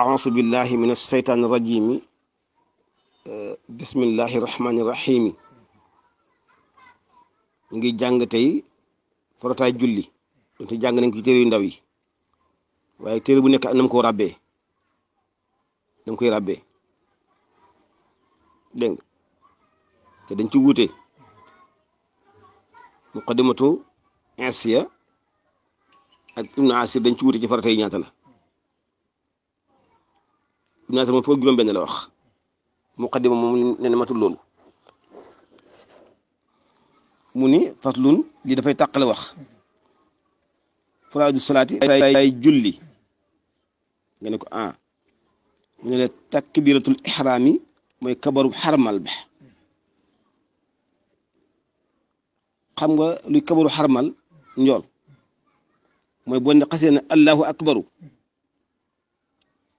أعوذ بالله من الشيطان الرجيم بسم الله الرحمن الرحيم ngi jàng tey farataay julli donte jàng nañ ko ci téere yu ndaw yi waaye téere bu nekk ak nam ko ràbbee nam koy ràbbee dégg nga te dañ ci wuute muqaddimatu Asiya ak Ibnu Asir dañ ci wuute ci faratay ñaata la ناس من فوق بين الأخ مقدمة من نعمة اللون مني فاتلون اللي دفعي تقل وخ فرائد الصلاة أي جلي يعني آه من التكبيرة الإحرام ما يكبر حرم البح خم لو يكبر حرم نجول ما يبون قصين الله أكبر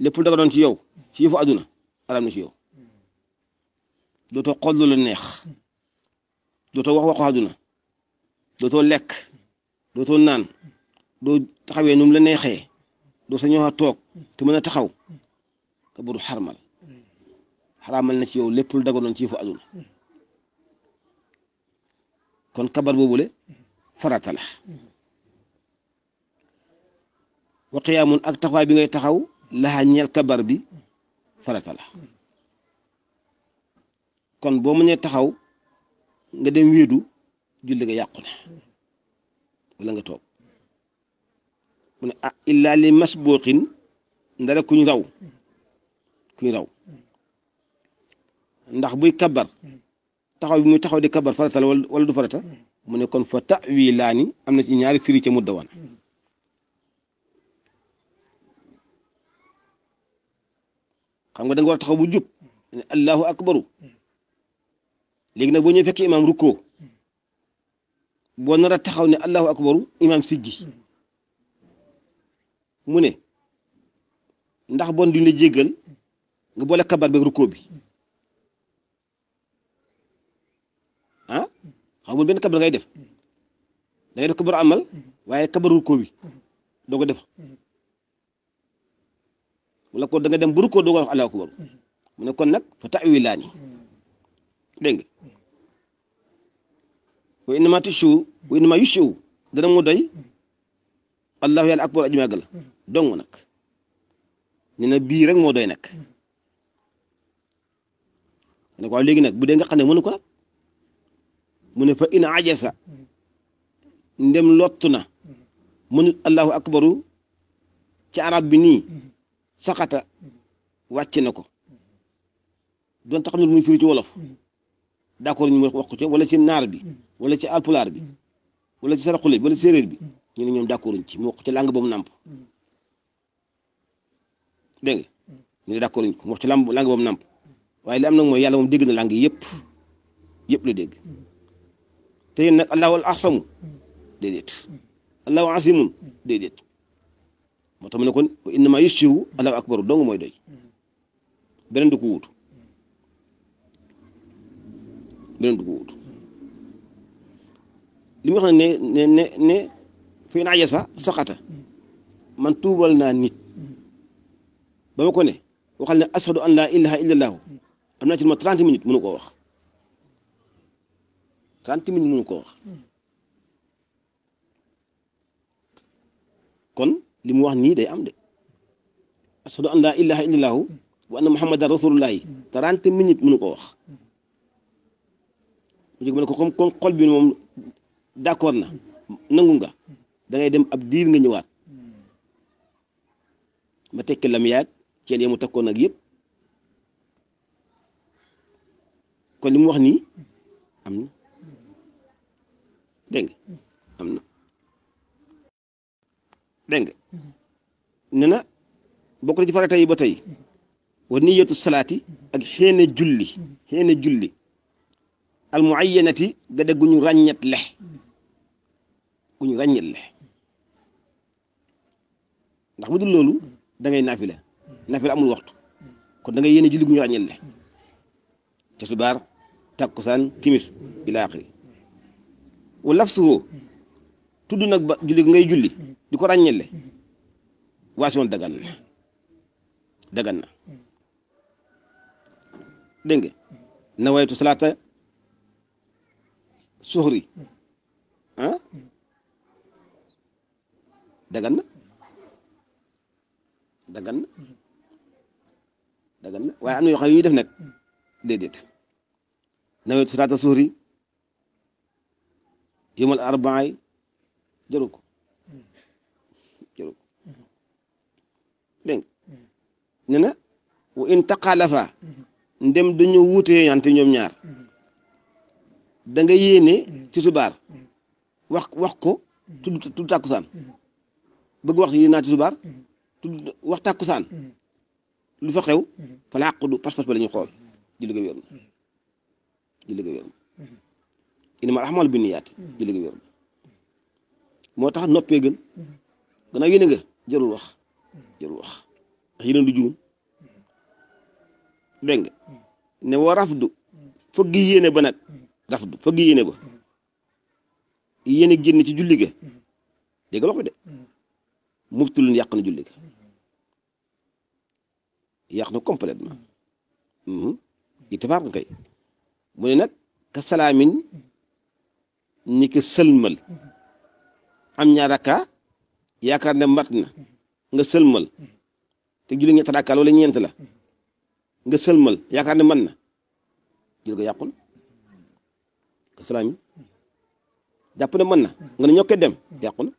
lépp lu daga doon ci yow ci yëfu àdduna araam na ci yow dootoo xool lu la neex dootoo wax waxu àdduna dootoo lekk dootoo naan doo taxawee nu mu la neexee doo sa ñëwaat toog te mën a taxaw ka buru xarmal xaraamal na ci yow lépp lu daga doon ci yëfu àdduna kon kabar boobule farata la wa qiyaamun ak taxawaay bi ngay taxaw laxa ñeel kabar bi farata kon boo mënee taxaw nga dem wéedu julli nga yàqu na nga toog mu ne ah illaa li masbuqin ndara kuñ raw kuñ raw ndax buy kabar taxaw bi muy taxaw di kabar farata la wala du farata mu ne kon fa tawilaani am na ci ñaari firi ca muddawan xam nga da nga war a taxaw bu jub allahu akbaru léegi nag boo ñëwee fekk imaam rukkoo boo nar a taxaw ne allahu akbaru imaam siggi mu ne ndax bon duñ la jéggal nga boole kabar beeg rukkoo bi ah xam nga benn kabar ngay def da ngay def kabar amal waaye kabar rukkoo bi doo ko def wala ko da nga dem buru ko doo allahu akbar mu ne kon nag fa tawilaani dégg nga wa innama tushu wa innama yushu dana mu doy allahu yàlla akbar aju màggal dong nag ne na bii rek moo doy nag ne ko nag bu dee nga xam ne mënu ko nag mu ne fa in ajasa ndem lottu na mënut allahu akbaru ci saxata wàcc na ko doon tax muy firi ci wolof d'accord ñu wax ko ci wala ci naar bi wala ci alpulaar bi wala ci saraxule bi wala ci séeréer bi ñu ne ñoom d'accord ci mu wax ci langue boobu nàmp dégg ñu ne d'accord ko mu wax ci langue boobu nàmp waaye li am nag mooy yàlla moom dégg na langue yëpp yëpp la dégg te yéen allahu al ahsamu déedéet allahu asimun déedéet motam ne kon inma yusiu allah akbar dong moy doy benen du ko wuutu beneen du ko wuutu li wax ne ne ne ne fi na ajasa saqata man tuubal naa nit bama ko ne waxal ne ashadu an la ilaha illa allah amna ci ma trente minutes munu ko wax 30 minutes munu ko wax kon li mu wax nii day am de ashadu an laa ilaha illallahu wa anna muhammadan rasulullahi trente minutes mënu ko wax mu jóg ma ne ko comme xol bi moom d'accord na nangu nga dangay dem ab diir nga ñëwaat ma tekki lam yaag ceen yamu takkoon nag yépp kon li mu wax nii am na am na dégg nga ne na bokk na ci farata yi ba tey wa niyatu salaati ak xeena julli xeena julli al muayyanati ga de gu ràññet le gu ñu ndax bu dul loolu dangay ngay naafila naafila amul waxtu kon da ngay yéene julli gu ñu ràññet le ca subaar takkusaan timis ila axiri wa lafsuhu tudd nag ba julli ngay julli di ko ràññet waa si woon dagan na dagan na dégg nga nawaytu salaata suxri ah dagan na dagan na dagan na waaye am def nag déedéet nawaytu salaata suxri yëmal arbaay jaru ko dégg nga ne na wa in taqaalafa ndem dañoo wuutee yante ñoom ñaar da nga yéene ci subaar wax wax ko tudd tudd tàkkusaan bëgg wax yéen naa ci subaar tudd wax tàkkusaan lu fa xew fa la àqdu pas-pas ba la ñuy xool julli ga wér na julli ga wér na innamal a'maalu binniyaati julli ga wér na moo tax noppee gën gannaaw yéene nga jarul wax jël wax ndax du juum dégg nga ne wa rafdu fëgg yéene ba nag rafdu fëgg yéene ba yéene génn ci julli ga dégg wax bi de mubtilun yàq na julli ga yàq na complètement mhm. ittifaaq kay mu ne nag ka salaamin ni ko sëlmal am ñaar rakka yaakaar ne mat na nga sëlmal te julli ñetti rakka wala ñeent la nga sëlmal yaakaar ne mën na jël ko yàqul nga salaam yi jàpp ne mën na nga ne ñokkee dem yàqu na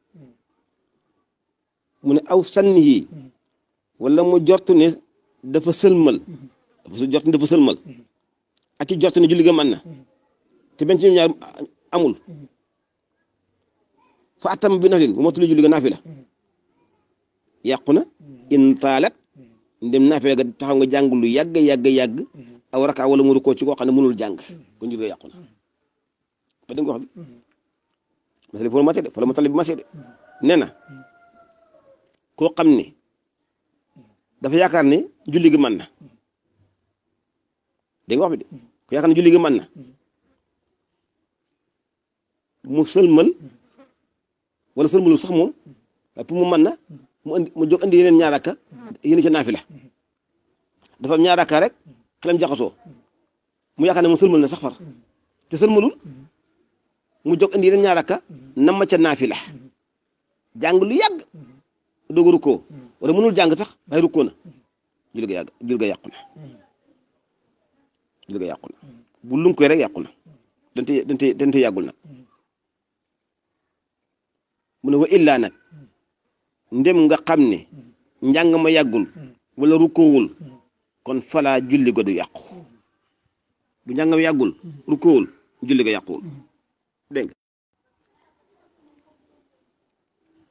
mu ne aw sanni yi wala mu jortu dafa sëlmal dafa jortu dafa sëlmal ak ci jortu ne julli ga mën na te benn ci ñoom ñaar amul fa atam bi na leen bu ma julli ga naafi la yàqu na mm-hmm. in taalat ndem mm-hmm. naafila ga taxaw nga jàng lu yàgg yàgg yàgg mm-hmm. aw raka wala mu rukkoo ci koo xam ne mënul jàng ko njuree yàqu na ba dégg nga wax bi masali fo mate de fala matali bi xam ne dafa yaakaar ne julli gi mën na dégg nga wax bi de ko yaakaar ne julli gi mën na mu sëlmal wala sëlmalul sax moom pour mu mën mu indi mu jóg indi yeneen ñaar rakka yéen ci naafila dafa am rek xelam jaxasoo mu yaakaar ne mu sëlmal na sax far te sëlmalul mu jóg indi yeneen ñaar rakka nam ma ca naafila jàng lu yàgg doog rukkoo wala mënul jàng sax waaye rukkoo na jul ga yàgg jul ga yàqu na jul ga yàqu na bu lum koy rek yàqu na dante dante dante yàggul na mu ne wa illaa nag ndem nga xam ne njàng ma yàggul wala rukkoowul kon falaa julli ga yàqu bu njàng ma yàggul rukkoowul julli ga yàquwul dégg nga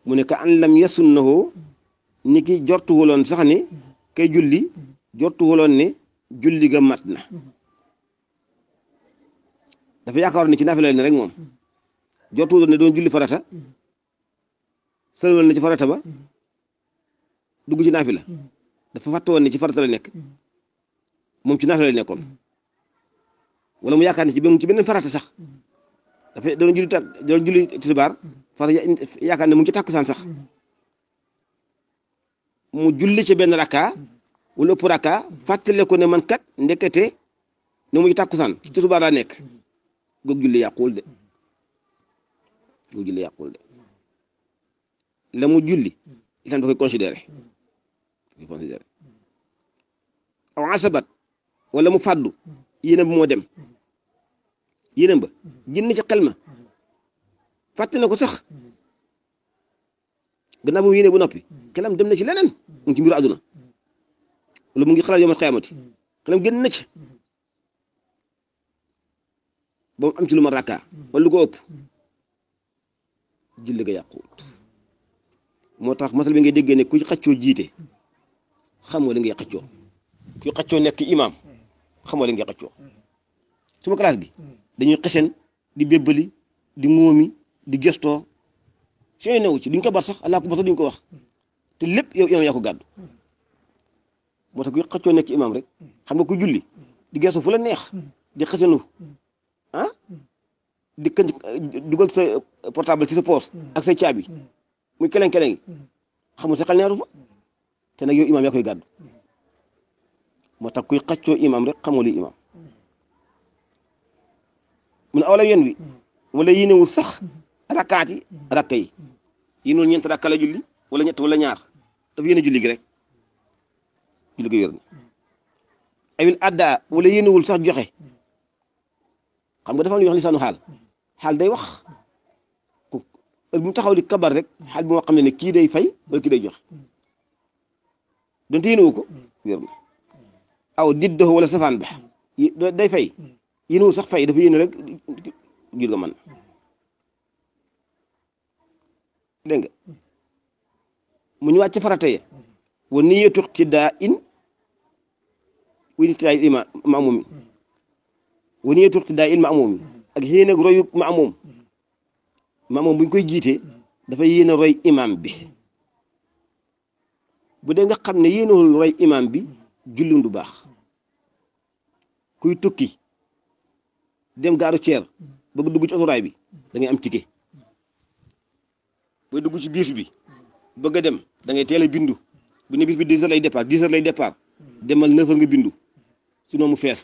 mu ne ka an lam yasunnahoo ni ki jortu sax ni kay julli jortu woloon ne julli ga mat na dafa yaakaaroon ne ci naafila ne rek moom jortu ne doon julli farata sëlmal na ci farata ba mm-hmm. dugg ci naafila mm-hmm. dafa fàtte ne ci farata la nekk mm-hmm. moom ci naafila la nekkoon wala mu yaakaar ne ci benn ci beneen farata sax dafa doon julli tak doon yaakaar ne mu ngi ci tàkkusaan sax mu julli ci benn rakka wala ëpp rakka fàttale ko ne man kat ndekete ne mu ngi tàkkusaan ci tisbaar laa nekk goog julli yàquwul de goog julli yàquwul de la mu julli islam da koy considérer da aw asabat wala mu fàddu yéenam mo dem yéenam ba ginn ci xel fatina ko sax gannaaw bu mu bu nopi xelam dem na ci lenen mu ci mbiru aduna wala mu ngi xalaat yawmal xiyamati xelam génn na ci bo am ci luma raka wala lu ko ëpp julli ga yàquwut moo tax masal bi ngay déggee ne ku xaccoo jiite xam nga li ngay xaccoo ku nekk imaam xam nga li ngay xaccoo suma gi dañuy xesen di bébbali di ŋóomi di gesto su ñu newu ci duñ ko bar sax allah ko bar sax duñ ko wax te lépp yow imaam yaa ko gàddu moo tax ku xaccoo nekk imaam rek xam nga ku julli di gesto fu la neex di xesenu ah, di kën dugal sa portable ci sa poos ak sa caabi muy keleng keleng xamul sa xel neeru fa te nag yow imaam yaa koy gàddu moo tax kuy xaccoo imaam rek xamoo li imaam mun awla yoon wi wala yéenewul sax rakkaat yi rakka yi yéenewul ñeent rakka la julli wala ñett wala dafa yéene julli gi rek julli gi yor na awil adda wala yéenewul sax joxe xam nga dafa am lu ñuy wax xaal xaal day wax bu mu taxaw di kabar rek xaal bi moo xam ne kii day fay wala kii day joxe donte yéenewu ko wér na aw dit dox wala safaan ba day fay yéenewu sax fay dafa yéene rek jur ga mën dégg mu ñu wàcc farata ya wa niyatu iqtidaa in wa iqtidaa il ma'muum wa niyatu iqtidaa il ma'muum ak xéenag royub ma'muum maam moom bu ñu koy jiite dafa yéen a roy imaam bi bu dee nga xam ne yéenewul roy imaam bi jullim du baax kuy tukki dem gaaru ceer ba dugg ci autoraay bi dangay am ticket booy dugg ci biis bi bëgg a dem da teel a bindu bu ne biis bi dix lay départ dix lay départ demal neuf heures nga bindu sinon mu fees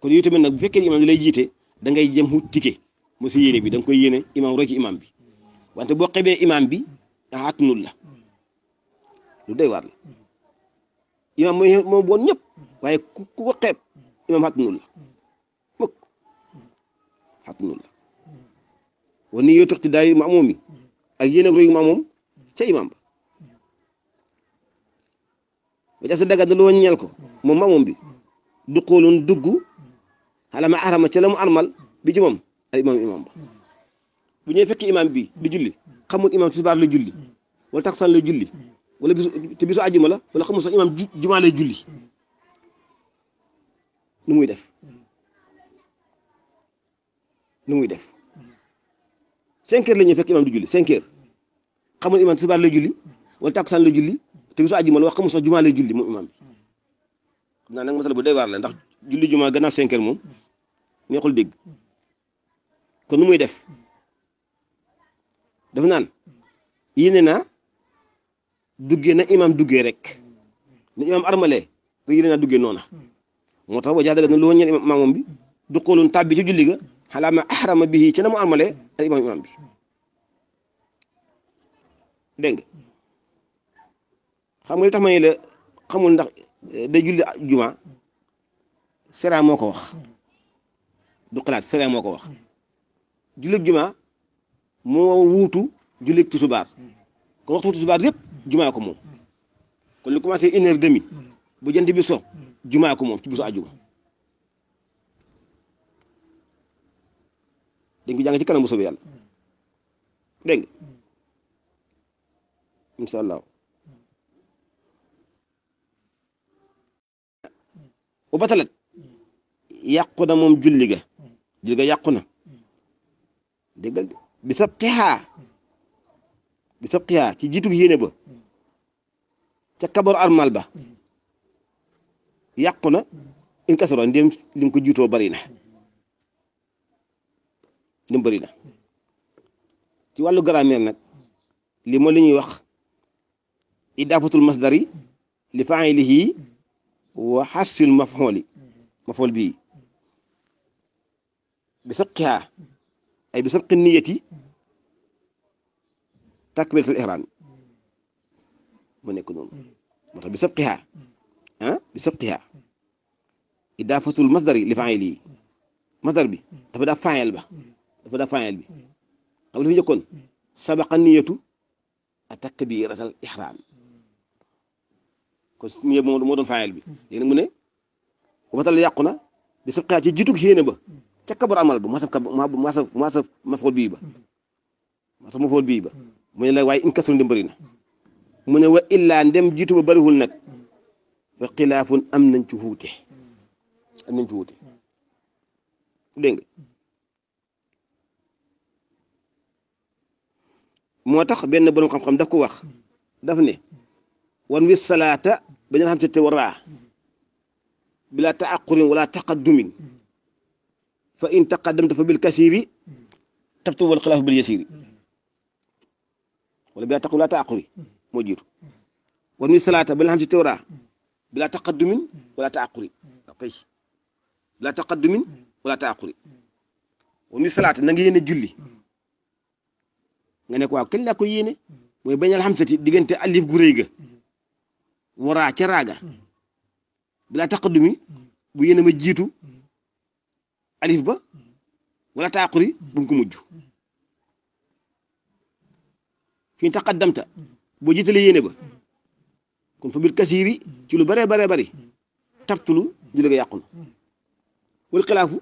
kon yooyu tamit nag bu fekkee imaam bi lay jiite da ngay jëm hu ticket mu si yéene bi da koy yéene imaam roy ci bi wante boo xebee imaam bi xaatunul la lu doy waar la imaam mooy moom bon ñëpp waaye ku ko xeeb imaam xaatunul la mukk xaatunul ni yoy toxti daayu ma ak yéen ak royu ca imaam ba ba ca daga da loo ñeel ko moom ma bi du xooloon dugg xala ma arama ca armal bi ci ay imaam imaam ba bu ñëwee fekk imaam bi di julli xamul imaam tisbaar la julli wala taxsaan la julli wala bisu te bisu àjjuma la wala xamul sax imaam jumaa lay julli nu muy def nu muy def cinq la ñuy fekk imaam julli cinq heures xamul imaam tisbaar lay julli wala taxsaan la julli te bisu àjjuma la wax xamul sax jumaa lay julli moom imaam bi xam nag masala bu waar la ndax julli jumaa gannaaw cinq heures moom neexul dégg kon nu muy def dafa naan yéene na duggee na imaam duggee rek na imaam armalee rek yéene naa duggee noona moo tax wajax daga na loo ñeen imaamam bi du xoolun tàbbi ci julli ga xalaa ma axrama bi ci na mu armalee ak imaam imaam bi dégg xam nga li tax ma ne la xamul ndax eh, day julli juma sera moo ko wax du xalaat sera moo ko wax jullit juma moo wuutu jullit tisbaar kon waxtu tisbaar yëpp jumaa ko moom kon lu commencé une heure demi bu jant bi so ko moom ci bisu àjjuma dañ ko ci kanam bu soobee yàlla dégg nga incha allah moom julli ga julli déggal bisab tixaa bisab tixaa ci jiitu yéene ba ca kabaru armal ba yàqu na in kasaro ndéem li nga jiitoo bari na ndéem bari na ci wàllu grammaire nag li moo li ñuy wax idaafatul masdari li faa'ilihi wa xasul maf'uli maf'ul bii bisab tixaa أي بسبق النية تكبيرة الإحرام من يكون بسبقها ها بسبقها إضافة المصدر لفعله مصدر بي دافع فاعل به دافع فاعل به قبل في يكون سبق النية التكبيرة الإحرام كون نية مودون فاعل به يعني من وبطل يقنا بسبقها تجدك هنا به كبر عمل ba moo saf moo saf moo saf mafool bii ba moo saf mafool bii ba mu ne la waaye in kasru ndem bëri na mu ne wa illaa ndem jiitu ba bëriwul nag fa xilaafun am nañ ci wuute am nañ ci wuute dégg nga moo tax benn borom xam-xam daf ko wax daf ne wan wi salaata ba ñu xam te te waraa bila taaqurin wala taqaddumin fa in taqaddamta fa bil kasiri tabtu wal xilaafu bil yasiri wala bi laa taqu laa taaquri moo jiitu war ni salaata ba la xam si tawra bi laa taqaddumin wala taaquri ok bi laa taqaddumin wala taaquri war ni salaata na nga yéene julli nga ne ko waaw kañ laa ko yéene mooy bañ alhamsati diggante alif gu rëy ga waraa ca raaga bi laa taqaddumi bu yéene ma jiitu alif ba wala taaquri bu mu ko mujj fi taqaddamta boo jiitalee yéene ba kon fa bil kasiiri ci lu bëree baree bëri tabtulu du léegi yàqu wal xilaafu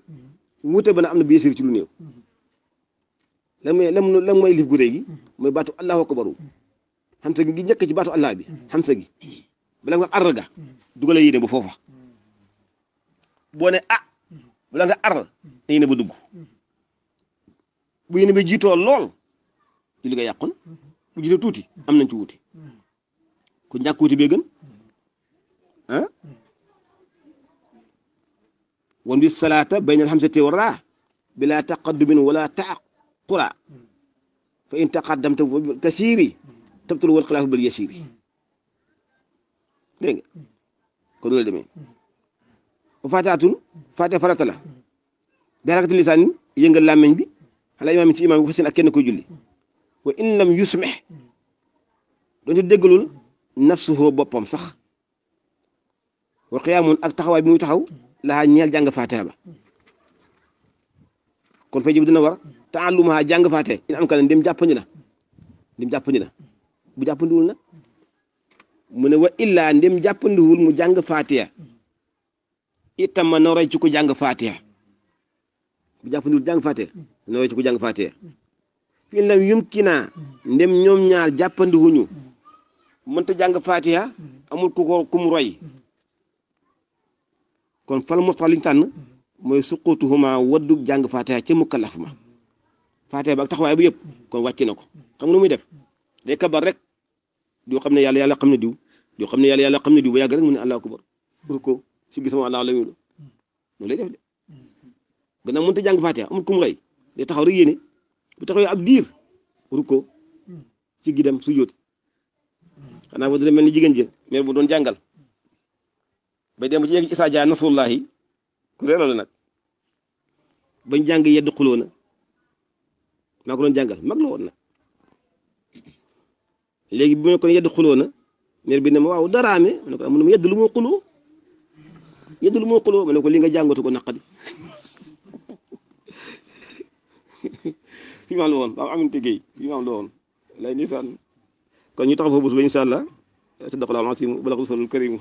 wuute ba na am na biir ci lu néew lan mooy lan mooy lif gu rëy gi mooy baatu allahu akbaru xamsa gi njëkk ci baatu allah bi xamsa gi bala nga arraga dugale yéene ba foofa boo ne ah, bu la na aral te yéene ba dugg bu yéene ba jiitoo lool julli nga yàqu na bu jiitoo tuuti am nañ ci wuti ku ñàkk wuti bee gën ah wan bi salaata bayna alhamsati wa raa bila taqaddumin wala taaqura fa in taqaddamta kasiiri tabtul wal xilaafu bil yasiiri dégg nga kon loolu demee bu faatihatun faatiha farata la bi harakati lisaanin yëngal làmmiñ bi xalaa imaam ci imaam bi fasin ak koy julli wa in lam yusmih doonte déggalul nafsuhu boppam sax wa qiyaamun ak taxawaay bi muy taxaw laxaa ñeel jàng faatiha ba kon fay jib dina war taallumaha jàng faatiha in am ka ne ndim jàppandi na ndim jàppandi na bu jàppandiwul nag mu wa illaa ndim jàppandiwul mu jàng faatiha itam ma nooree ci ku jàng faatiha ku jàpp ndul jàng faatiha nooree ci ku jàng ndem ñoom ñaar jàppandiwuñu mënta jàng faatiha amul ku ko ku mu roy kon fal mu fa liñ tànn mooy suqutuhuma waddug jàng ci ca mukallaf ma faatiha ba ak taxawaay bu yëpp kon wàcc na ko xam nga nu muy def day kabar rek doo xam ne yàlla yàlla xam ne diw doo xam ne yàlla yàlla xam ne diw ba yàgg rek mu ne allahu akbar pour si bi sama allah la yóolu hmm. loolu lay def de hmm. gannaaw mënut a jàng Fatiha amul kum lay day taxaw rek yéene bu taxawee ab diir rukkoo hmm. si gi dem sujjóot xanaa boo dina mel ni jigéen jë mère bu doon jàngal bay dem ba ci yegg Isaa Dia ku réer la nag bañ jàng yedd xuloo na maa ko doon jàngal mag la na léegi bi ma ne xuloo na bi ne waaw daraame ma ne ko mu yedd lu moo xuloo yedul moo xuloo ma ne ko li nga jàngatu ko naqadi fi ma la woon baax aminte géey fi ma la woon lay nisaan kon ñu tax foofu suba insha allah sadaqallaahu al-aziim wa balagha rasulul kariim